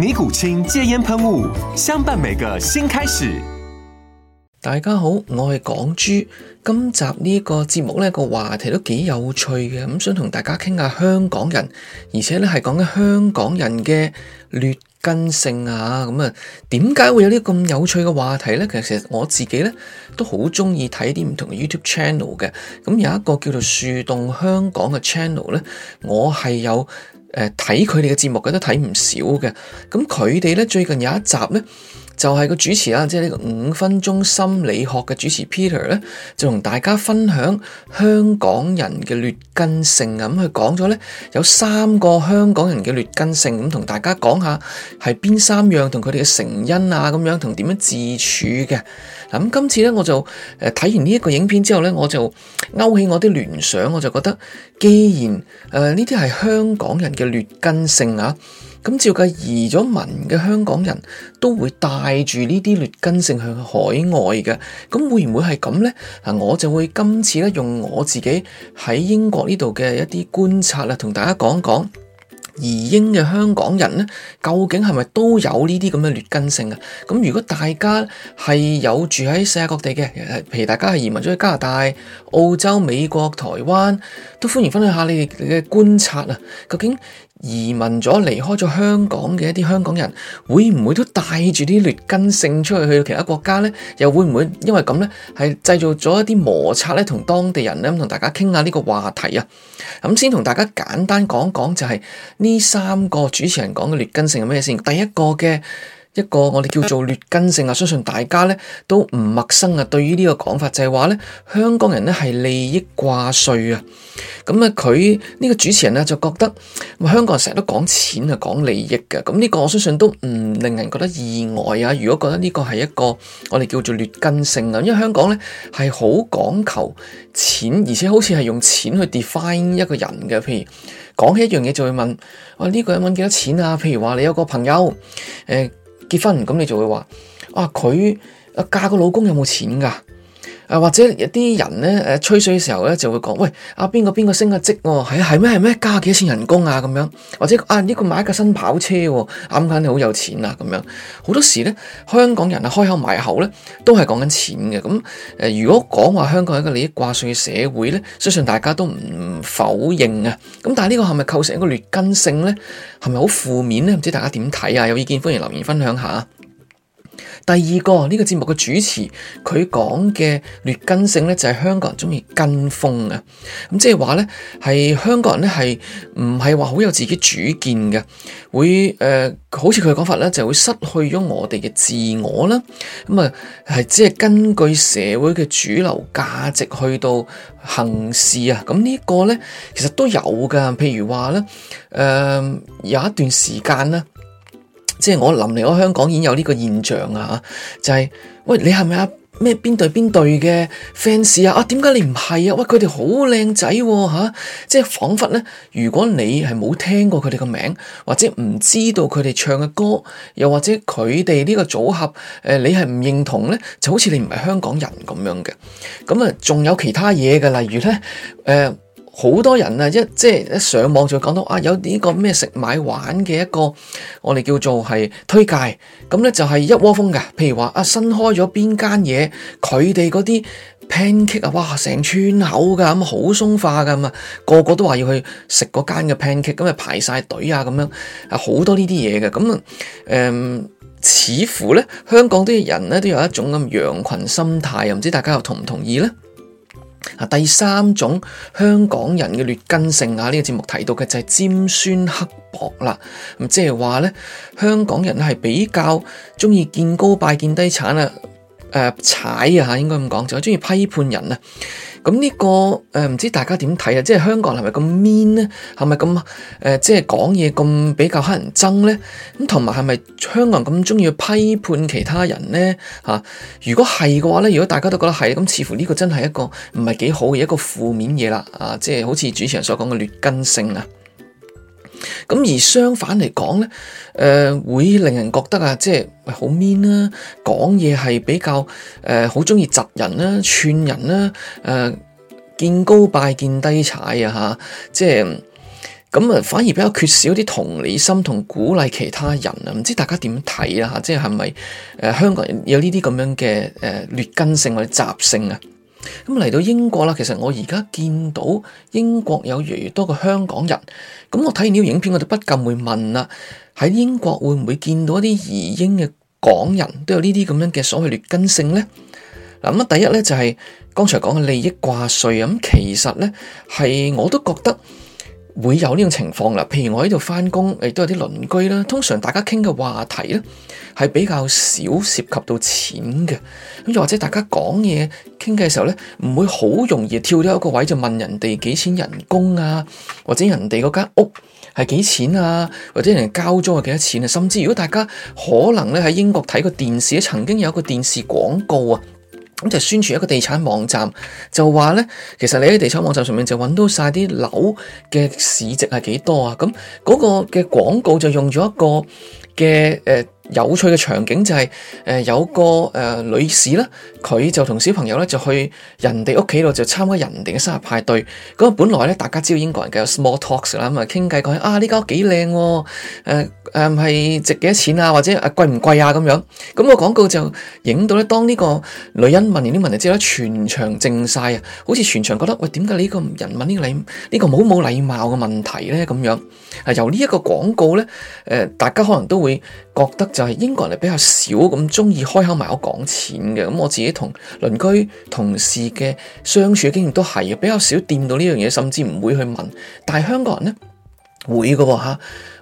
尼古清戒煙噴霧，相伴每個新開始。大家好，我係港豬。今集呢個節目呢、呢個話題都幾有趣嘅，咁想同大家傾下香港人，而且呢係講緊香港人嘅劣根性啊，咁啊，點解會有呢咁有趣嘅話題呢？其實我自己呢都好中意睇啲唔同嘅 YouTube channel 嘅，咁有一個叫做樹洞香港嘅 channel 呢，我係有。誒睇佢哋嘅節目嘅都睇唔少嘅，咁佢哋咧最近有一集咧，就係個主持啦，即係呢個五分鐘心理學嘅主持 Peter 呢，就同大家分享香港人嘅劣根性咁，佢講咗呢，有三個香港人嘅劣根性，咁同大家講下係邊三樣同佢哋嘅成因啊，咁樣同點樣自處嘅。嗱、啊，咁今次呢，我就誒睇完呢一個影片之後呢，我就勾起我啲聯想，我就覺得既然誒呢啲係香港人嘅劣根性啊。咁照計移咗民嘅香港人都會帶住呢啲劣根性去海外嘅，咁會唔會係咁呢？啊，我就會今次咧用我自己喺英國呢度嘅一啲觀察啊，同大家講講移英嘅香港人呢，究竟係咪都有呢啲咁嘅劣根性啊？咁如果大家係有住喺世界各地嘅，譬如大家係移民咗去加拿大、澳洲、美國、台灣，都歡迎分享下你哋嘅觀察啊，究竟，移民咗、離開咗香港嘅一啲香港人，會唔會都帶住啲劣根性出去，去到其他國家呢？又會唔會因為咁呢係製造咗一啲摩擦呢？同當地人呢，同大家傾下呢個話題啊！咁先同大家簡單講講，就係，就係呢三個主持人講嘅劣根性係咩先？第一個嘅。一個我哋叫做劣根性啊，相信大家咧都唔陌生啊。對於呢個講法就係話咧，香港人咧係利益掛帥啊。咁啊，佢呢個主持人咧就覺得，香港人成日都講錢啊，講利益嘅。咁呢個我相信都唔令人覺得意外啊。如果覺得呢個係一個我哋叫做劣根性啊，因為香港咧係好講求錢，而且好似係用錢去 define 一個人嘅。譬如講起一樣嘢就會問，喂、啊，呢、呢個人搵幾多錢啊？譬如話你有個朋友，誒、欸。結婚，咁你就會話啊，佢嫁個老公有冇錢㗎？或者一啲人咧，誒吹水嘅時候咧，就會講，喂，阿、啊、邊個邊個升嘅職喎，係咩係咩，加幾多錢人工啊咁樣，或者啊呢、呢個買一架新跑車喎、啊，啱、啊、啱、嗯、你好有錢啦、啊、咁樣，好多時咧，香港人啊開口埋口咧，都係講緊錢嘅，咁如果講話香港係一個利益掛帥嘅社會咧，相信大家都唔否認啊，咁但係呢個係咪構成一個劣根性咧？係咪好負面咧？唔知大家點睇啊？有意見歡迎留言分享下。第二個呢、這個節目嘅主持，佢講嘅劣根性呢，就係、是、香港人鍾意跟風啊，咁即係話呢，係香港人呢係唔係話好有自己主見嘅，會誒、呃、好似佢嘅講法呢，就是、會失去咗我哋嘅自我啦，咁啊係即係根據社會嘅主流價值去到行事啊、咁、嗯、呢、這個呢，其實都有噶，譬如話呢，誒、呃、有一段時間呢。即係我臨嚟我香港已經有呢個現象、就係、係係啊，就係喂你係咪阿咩邊隊邊隊嘅 fans 啊？啊點解你唔係啊？喂佢哋好靚仔喎！即係彷彿呢，如果你係冇聽過佢哋個名，或者唔知道佢哋唱嘅歌，又或者佢哋呢個組合，誒、呃、你係唔認同呢？就好似你唔係香港人咁樣嘅。咁、嗯、啊，仲有其他嘢嘅，例如呢。誒、呃。好多人啊，一即係一上網就講到啊，有呢個咩食買玩嘅一個，我哋叫做係推介咁咧，就係一窩蜂嘅。譬如話啊，新開咗邊間嘢，佢哋嗰啲 pancake 啊，哇，成村口㗎，咁好鬆化㗎嘛，個個都話要去食嗰間嘅 pancake，咁啊排晒隊啊，咁樣啊好多呢啲嘢嘅。咁啊，誒、嗯，似乎咧香港啲人咧都有一種咁羊群心態，又唔知大家又同唔同意咧？第三種香港人嘅劣根性啊，呢、這個節目提到嘅就係尖酸刻薄啦。即係話咧，香港人咧係比較鍾意見高拜見低踩啊，誒、呃、踩啊吓，應該咁講就係鍾意批判人啊。咁呢、呢個誒唔、呃、知大家點睇啊？即係香港人係咪咁 mean 咧？係咪咁誒即係講嘢咁比較乞人憎咧？咁同埋係咪香港人咁鍾意去批判其他人咧？嚇、啊！如果係嘅話咧，如果大家都覺得係，咁似乎呢個真係一個唔係幾好嘅一個負面嘢啦！啊，即係好似主持人所講嘅劣根性啊！咁而相反嚟講咧，誒、呃、會令人覺得啊，即係喂好 mean 啦，講嘢係比較誒好中意窒人啦，串人啦，誒、呃、見高拜見低踩啊吓，即係咁啊反而比較缺少啲同理心同鼓勵其他人啊，唔知大家點睇啊吓，即係係咪誒香港有呢啲咁樣嘅誒、呃、劣根性或者習性啊？咁嚟到英國啦，其實我而家見到英國有越嚟越多嘅香港人，咁我睇完呢個影片，我就不禁會問啦：喺英國會唔會見到一啲移英嘅港人，都有呢啲咁樣嘅所謂劣根性呢？嗱，咁啊，第一呢就係、是、剛才講嘅利益掛帥，咁其實呢，係我都覺得。會有呢種情況啦，譬如我喺度翻工，亦都有啲鄰居啦。通常大家傾嘅話題咧，係比較少涉及到錢嘅。咁又或者大家講嘢傾嘅時候咧，唔會好容易跳咗一個位就問人哋幾錢人工啊，或者人哋嗰間屋係幾錢啊，或者人哋交租係幾多錢啊。甚至如果大家可能咧喺英國睇過電視，曾經有個電視廣告啊。咁就宣傳一個地產網站，就話呢，其實你喺地產網站上面就揾到晒啲樓嘅市值係幾多啊。咁嗰個嘅廣告就用咗一個嘅誒、呃、有趣嘅場景、就是，就係誒有個誒、呃、女士咧，佢就同小朋友呢，就去人哋屋企度就參加人哋嘅生日派對。咁啊，本來呢，大家知道英國人嘅 small talks 啦，咁、嗯、啊傾偈講啊呢間屋幾靚喎，呃誒，係、嗯、值幾多錢啊？或者啊，貴唔貴啊？咁樣，咁、嗰個廣告就影到咧。當呢個女人問完啲問題之後咧，全場靜晒啊！好似全場覺得喂，點解你個人問呢禮呢、呢個冇冇禮貌嘅問題咧？咁樣係由呢一個廣告咧，誒、呃，大家可能都會覺得就係英國人嚟比較少咁鍾意開口埋口講錢嘅。咁我自己同鄰居、同事嘅相處經驗都係比較少掂到呢樣嘢，甚至唔會去問。但係香港人咧。會嘅吓，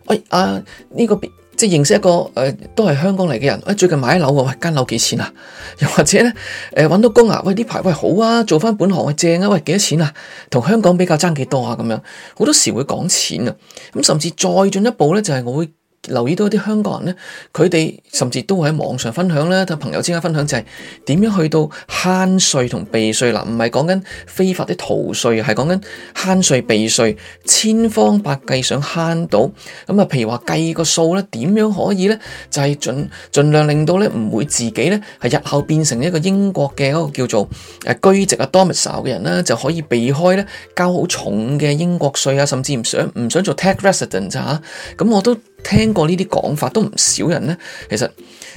喂阿呢、啊呢個即係認識一個誒、呃，都係香港嚟嘅人，喂最近買樓嘅，喂間樓幾錢啊？又或者咧，誒、呃、搵到工啊？喂呢排喂好啊，做翻本行啊正啊？喂幾多錢啊？同香港比較爭幾多啊？咁樣好多時會講錢啊，咁甚至再進一步咧，就係、是、我會。留意到一啲香港人咧，佢哋甚至都會喺網上分享啦，同朋友之間分享就係點樣去到慳稅同避稅啦？唔係講緊非法啲逃稅，係講緊慳稅避稅，千方百計想慳到咁啊！譬、嗯、如話計個數咧，點樣可以咧？就係盡盡量令到咧唔會自己咧係日後變成一個英國嘅嗰個叫做誒居籍啊 domicile 嘅人咧，就可以避開咧交好重嘅英國稅啊，甚至唔想唔想做 tax resident 咋、啊、嚇？咁、嗯、我都。聽過呢啲講法都唔少人呢，其實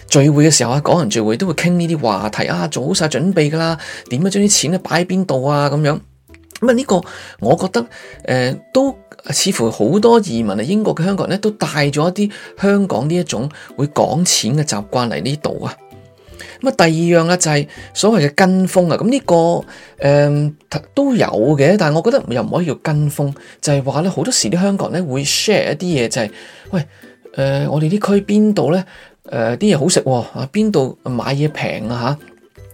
聚會嘅時候啊，港人聚會都會傾呢啲話題啊，做好晒準備噶啦，點樣將啲錢咧擺邊度啊咁樣，咁啊呢個我覺得誒、呃、都似乎好多移民嚟英國嘅香港人咧，都帶咗一啲香港呢一種會講錢嘅習慣嚟呢度啊。咁第二樣啊，就係所謂嘅跟風啊，咁呢、這個、呃、都有嘅，但係我覺得又唔可以叫跟風，就係話咧好多時啲香港人會 share 一啲嘢，就係、是、喂誒、呃、我哋呢區邊度呢？誒啲嘢好食喎啊，邊度買嘢平啊嚇。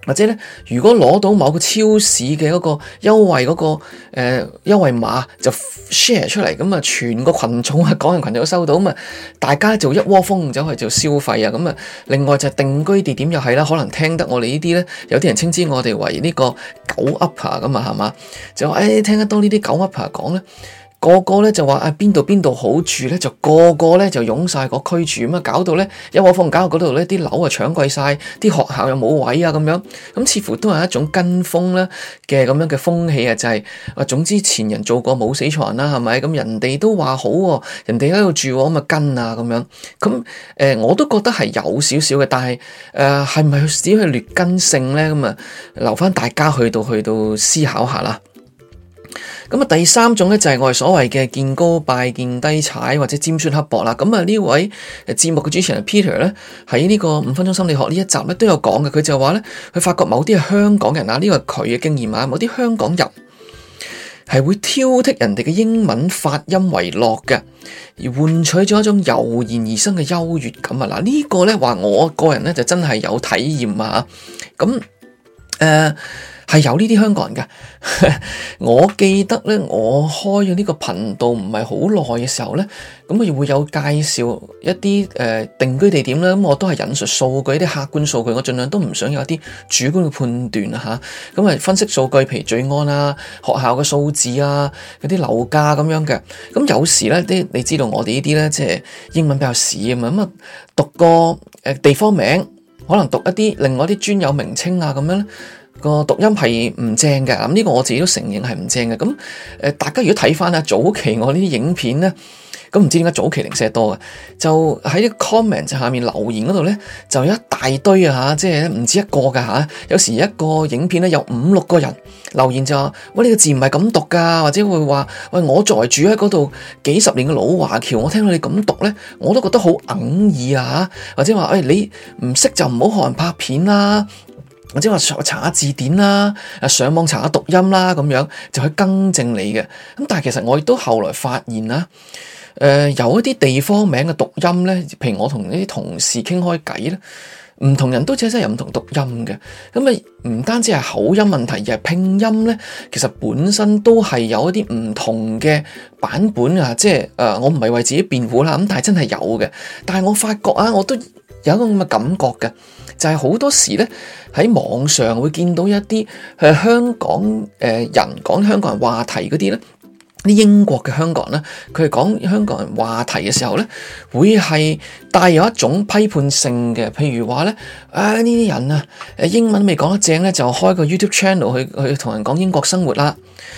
或者呢，如果攞到某個超市嘅嗰個優惠嗰、那個誒、呃、優惠碼，就 share 出嚟，咁啊，全個群眾啊，港人群眾就都收到，咁啊，大家就一窩蜂走去做消費啊，咁啊，另外就定居地點又係啦，可能聽得我哋呢啲咧，有啲人稱之我哋為呢個狗 upper 咁啊，係嘛？就誒聽得多呢啲狗 upper 講咧。個個咧就話啊邊度邊度好住咧，就個個咧就湧晒個區住，咁啊搞到咧一窩蜂，搞到嗰度咧啲樓啊搶貴晒，啲學校又冇位啊咁樣，咁似乎都係一種跟風啦嘅咁樣嘅風氣啊就係，啊總之前人做過冇死床啦係咪？咁人哋都話好喎，人哋喺度住咁啊跟啊咁樣，咁誒、呃、我都覺得係有少少嘅，但係誒係咪只係劣根性咧？咁啊留翻大家去到去到思考下啦。咁啊，第三種咧就係我哋所謂嘅見高拜見低踩或者尖酸刻薄啦。咁啊，呢位誒節目嘅主持人 Peter 咧喺呢個五分鐘心理學呢一集咧都有講嘅。佢就話咧，佢發覺某啲香港人啊，呢、這個係佢嘅經驗啊，某啲香港人係會挑剔人哋嘅英文發音為樂嘅，而換取咗一種油然而生嘅優越感啊！嗱，呢個咧話我個人咧就真係有體驗啊！咁誒。呃係有呢啲香港人嘅。 我記得咧，我開咗呢個頻道唔係好耐嘅時候咧，咁佢會有介紹一啲誒、呃、定居地點咧。咁、嗯、我都係引述數據啲客觀數據，我盡量都唔想有一啲主觀嘅判斷吓，咁啊、嗯，分析數據，譬如罪案啊、學校嘅數字啊、嗰啲樓價咁樣嘅。咁、嗯、有時咧，啲你知道我哋呢啲咧，即係英文比較屎啊嘛，咁、嗯、啊讀個誒、呃、地方名，可能讀一啲另外啲專有名稱啊咁樣咧。個讀音係唔正嘅，咁、這、呢個我自己都承認係唔正嘅。咁、嗯、誒，大家如果睇翻咧早期我呢啲影片咧，咁唔知點解早期零舍多嘅，就喺啲 comment 下面留言嗰度咧，就有一大堆啊吓，即係唔止一個嘅吓、啊，有時一個影片咧有五六個人留言就話：喂，呢、這個字唔係咁讀㗎，或者會話：喂，我作為住喺嗰度幾十年嘅老華僑，我聽到你咁讀咧，我都覺得好哽耳啊嚇，或者話：喂，你唔識就唔好學人拍片啦。或者話查下字典啦，誒上網查下讀音啦，咁樣就可以更正你嘅。咁但係其實我亦都後來發現啦，誒、呃、有一啲地方名嘅讀音咧，譬如我同呢啲同事傾開偈咧，唔同人都真係有唔同讀音嘅。咁啊，唔單止係口音問題，而係拼音咧，其實本身都係有一啲唔同嘅版本啊。即係誒、呃，我唔係為自己辯護啦，咁但係真係有嘅。但係我發覺啊，我都有一個咁嘅感覺嘅。就係好多時咧，喺網上會見到一啲係、呃、香港誒人講香港人話題嗰啲咧。啲英國嘅香港人咧，佢係講香港人話題嘅時候咧，會係帶有一種批判性嘅，譬如話咧，啊呢啲人啊，誒英文未講得正咧，就開個 YouTube channel 去去同人講英國生活啦，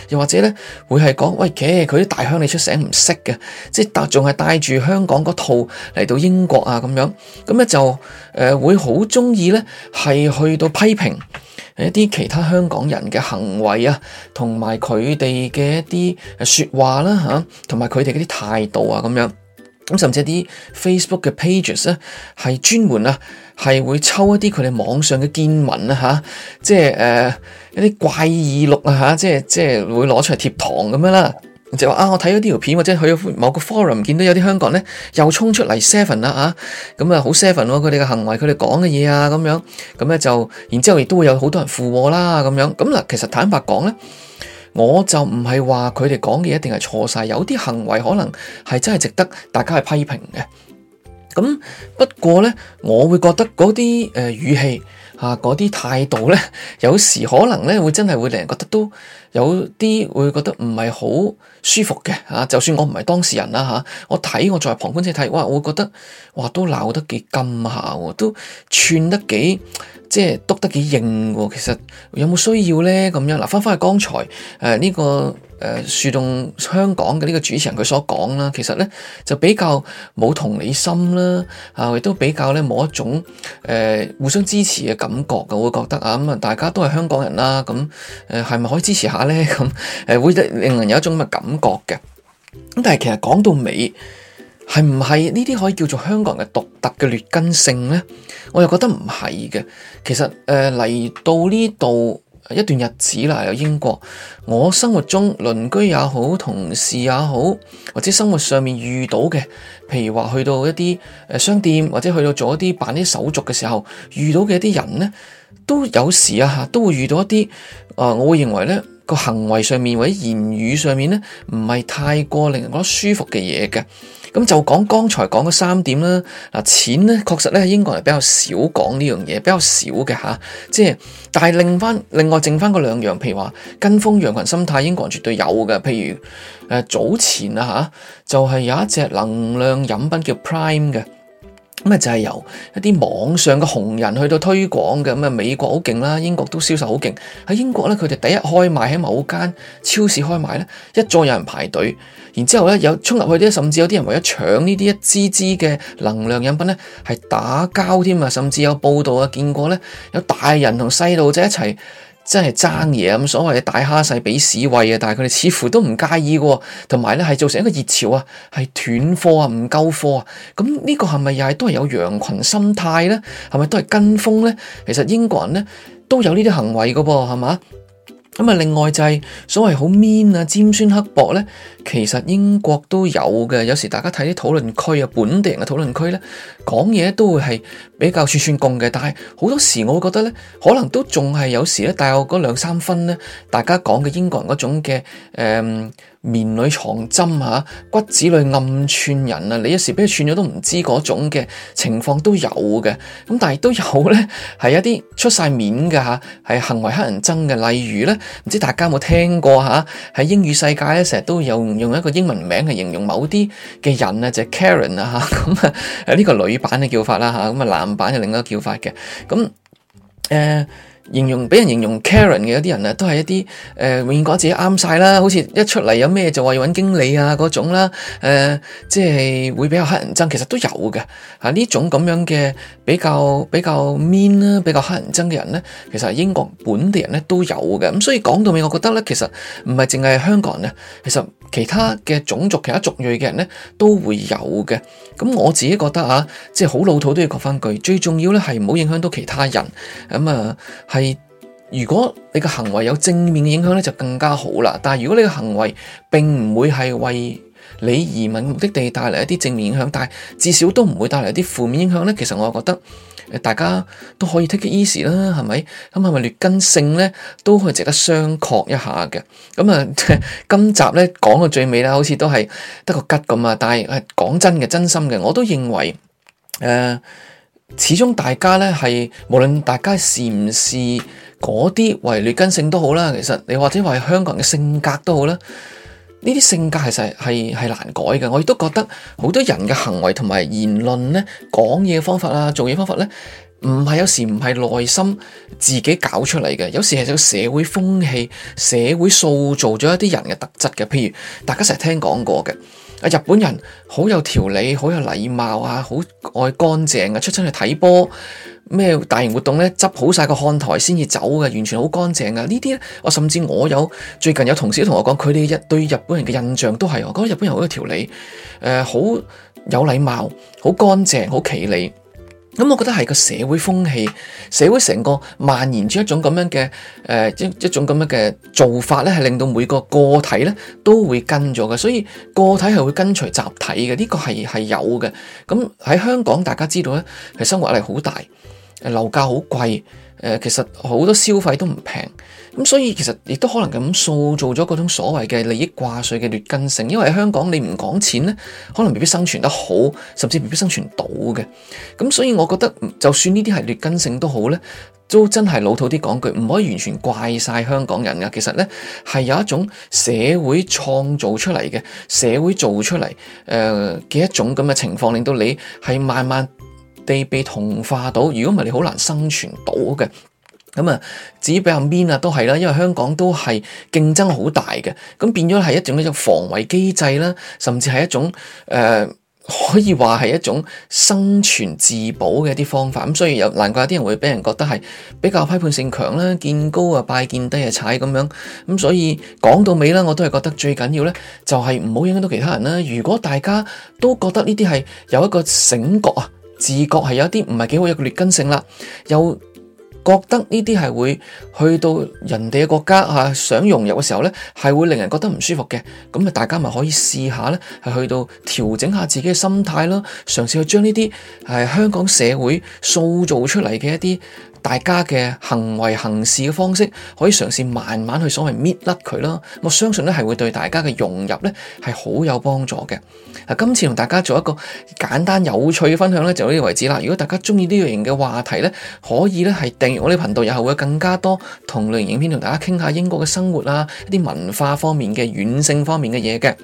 又或者咧會係講喂嘅，佢啲大鄉里出城唔識嘅，即係仲係帶住香港個套嚟到英國啊咁樣，咁咧就誒、呃、會好鍾意咧係去到批評。一啲其他香港人嘅行為啊，同埋佢哋嘅一啲説話啦、啊、嚇，同埋佢哋嗰啲態度啊咁樣，咁甚至一啲 Facebook 嘅 pages 咧、啊，係專門啊係會抽一啲佢哋網上嘅見聞啊，嚇、啊，即係誒、呃、一啲怪異錄啊嚇、啊，即係即係會攞出嚟貼堂咁樣啦、啊。就話啊，我睇咗呢條片或者去咗某個 forum 見到有啲香港人咧又衝出嚟 seven 啦吓，咁啊好、啊啊、seven 喎、啊，佢哋嘅行為佢哋講嘅嘢啊咁樣，咁、啊、咧就然之後亦都會有好多人附和啦咁樣，咁、啊、嗱、啊、其實坦白講咧，我就唔係話佢哋講嘅嘢一定係錯晒。有啲行為可能係真係值得大家去批評嘅。咁、啊、不過咧，我會覺得嗰啲誒語氣嚇嗰啲態度咧，有時可能咧會真係會令人覺得都。有啲會覺得唔係好舒服嘅吓，就算我唔係當事人啦吓，我睇我作為旁觀者睇，哇，我會覺得哇都鬧得幾勁下，都串得幾即係篤得幾硬喎。其實有冇需要咧咁樣，嗱，翻翻去剛才誒呢個誒樹洞香港嘅呢個主持人佢所講啦，其實咧就比較冇同理心啦，啊亦都比較咧冇一種誒、呃、互相支持嘅感覺嘅，我會覺得啊咁啊大家都係香港人啦，咁誒係咪可以支持下？咧，會令人有一種咁嘅感覺嘅。咁但係其實講到尾，係唔係呢啲可以叫做香港人嘅獨特嘅劣根性呢？我又覺得唔係嘅。其實呃、嚟到呢度一段日子啦，有英國，我生活中鄰居也好，同事也好，或者生活上面遇到嘅，譬如話去到一啲商店，或者去到做一啲辦啲手續嘅時候，遇到嘅一啲人呢，都有時啊吓都會遇到一啲，誒、呃，我會認為呢，個行為上面或者言語上面呢，唔係太過令人覺得舒服嘅嘢嘅，咁就講剛才講嘅三點啦。嗱，錢呢，確實呢，喺英國人比較少講呢樣嘢，比較少嘅吓，即係，但係另翻另外剩翻嗰兩樣，譬如話跟風羊群心態，英國人絕對有嘅。譬如誒、呃，早前啊吓，就係、是、有一隻能量飲品叫 Prime 嘅。咁啊，就係由一啲網上嘅紅人去到推廣嘅咁啊，美國好勁啦，英國都銷售好勁。喺英國咧，佢哋第一開賣喺某間超市開賣咧，一早有人排隊，然之後咧有衝入去咧，甚至有啲人為咗搶呢啲一支支嘅能量飲品咧，係打交添啊，甚至有報道啊，見過咧，有大人同細路仔一齊。真係爭嘢咁所謂嘅大蝦細畀屎喂，啊，但係佢哋似乎都唔介意嘅，同埋咧係造成一個熱潮啊，係斷貨啊，唔夠貨啊，咁呢個係咪又係都係有羊群心態咧？係咪都係跟風咧？其實英國人咧都有呢啲行為嘅噃，係嘛？另外就係、是、所謂好 mean 尖酸刻薄咧，其實英國都有嘅。有時大家睇啲討論區啊，本地人嘅討論區咧，講嘢都會係比較串串貢嘅。但係好多時我會覺得咧，可能都仲係有時咧，帶有嗰兩三分咧，大家講嘅英國人嗰種嘅誒。嗯綿裏藏針啊，骨子裏暗串人啊，你有時俾佢串咗都唔知嗰種嘅情況都有嘅，咁但係都有咧，係一啲出晒面嘅吓，係行為乞人憎嘅，例如咧，唔知大家有冇聽過吓，喺、啊、英語世界咧，成日都有用一個英文名去形容某啲嘅人啊啊，就係 Karen 啊吓，咁啊，呢、個女版嘅叫法啦吓，咁啊男版又另一個叫法嘅，咁、啊、誒。形容俾人形容 Karen 嘅一啲人啊，都係一啲誒，永遠、呃、覺得自己啱晒啦，好似一出嚟有咩就話要揾經理啊嗰種啦，誒、呃、即係會比較乞人憎，其實都有嘅吓，呢種咁樣嘅比較比較 mean 啦，比較乞人憎嘅人咧，其實係英國本地人咧都有嘅。咁所以講到尾，我覺得咧，其實唔係淨係香港人咧，其實其他嘅種族、其他族裔嘅人咧都會有嘅。咁我自己覺得啊，即係好老土都要講翻句，最重要咧係唔好影響到其他人。咁啊，係如果你嘅行為有正面嘅影響咧，就更加好啦。但係如果你嘅行為並唔會係為你移民目的地帶嚟一啲正面影響，但係至少都唔會帶嚟一啲負面影響咧。其實我係覺得大家都可以 take it easy 啦，係咪？咁係咪劣根性咧？都可以值得商榷一下嘅。咁啊，今集咧講到最尾啦，好似都係得個吉咁啊。但係講真嘅，真心嘅，我都認為誒。呃始終大家咧係，無論大家是唔是嗰啲為劣根性都好啦，其實你或者話香港人嘅性格都好啦，呢啲性格其實係係難改嘅。我亦都覺得好多人嘅行為同埋言論咧，講嘢方法啦，啊，做嘢方法咧，唔係有時唔係內心自己搞出嚟嘅，有時係個社會風氣、社會塑造咗一啲人嘅特質嘅。譬如大家成日聽講過嘅。啊！日本人好有條理，好有禮貌啊，好愛乾淨啊，出親去睇波咩大型活動咧，執好晒個看台先至走嘅，完全好乾淨嘅。呢啲咧，我甚至我有最近有同事都同我講，佢哋日對日本人嘅印象都係，我覺得日本人好有條理，誒，好有禮貌，好乾淨，好企理。咁，我覺得係個社會風氣，社會成個蔓延住一種咁樣嘅，誒、呃、一一種咁樣嘅做法咧，係令到每個個體咧都會跟咗嘅，所以個體係會跟隨集體嘅，呢、這個係係有嘅。咁喺香港，大家知道咧，係生活壓力好大，樓價好貴。誒，其實好多消費都唔平，咁所以其實亦都可能咁塑造咗嗰種所謂嘅利益掛帥嘅劣根性，因為喺香港你唔講錢咧，可能未必生存得好，甚至未必生存到嘅。咁所以我覺得，就算呢啲係劣根性都好咧，都真係老土啲講句，唔可以完全怪晒香港人㗎。其實咧係有一種社會創造出嚟嘅社會做出嚟誒嘅一種咁嘅情況，令到你係慢慢地被同化到，如果唔係你好難生存到嘅。咁啊，至於比較 mean 啊，都係啦，因為香港都係競爭好大嘅，咁變咗係一種一種防衞機制啦，甚至係一種誒、呃，可以話係一種生存自保嘅一啲方法。咁所以有難怪有啲人會俾人覺得係比較批判性強啦，見高啊拜，見低啊踩咁樣。咁所以講到尾啦，我都係覺得最緊要咧，就係唔好影響到其他人啦。如果大家都覺得呢啲係有一個醒覺啊～自覺係有一啲唔係幾好，有劣根性啦。又覺得呢啲係會去到人哋嘅國家嚇，想融入嘅時候呢，係會令人覺得唔舒服嘅。咁啊，大家咪可以試下呢，係去到調整下自己嘅心態咯，嘗試去將呢啲係香港社會塑造出嚟嘅一啲。大家嘅行為行事嘅方式，可以嘗試慢慢去所謂搣甩佢啦。我相信咧係會對大家嘅融入咧係好有幫助嘅。啊，今次同大家做一個簡單有趣嘅分享呢就到呢個位置啦。如果大家鍾意呢類型嘅話題呢，可以咧係訂閱我哋頻道，以後會更加多同類型影片同大家傾下英國嘅生活啊，一啲文化方面嘅軟性方面嘅嘢嘅。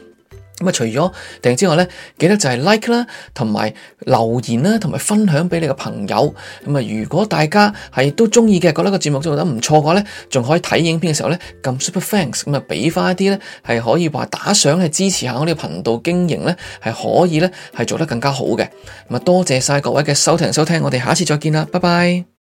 咁除咗訂之外咧，記得就係 like 啦，同埋留言啦，同埋分享俾你嘅朋友。咁啊，如果大家係都中意嘅，覺得個節目做得唔錯嘅話呢，仲可以睇影片嘅時候呢，撳 super thanks，咁啊，俾翻一啲，呢係可以話打賞，去支持下我哋個頻道經營呢，係可以呢，係做得更加好嘅。咁啊，多謝晒各位嘅收聽收聽，我哋下次再見啦，拜拜。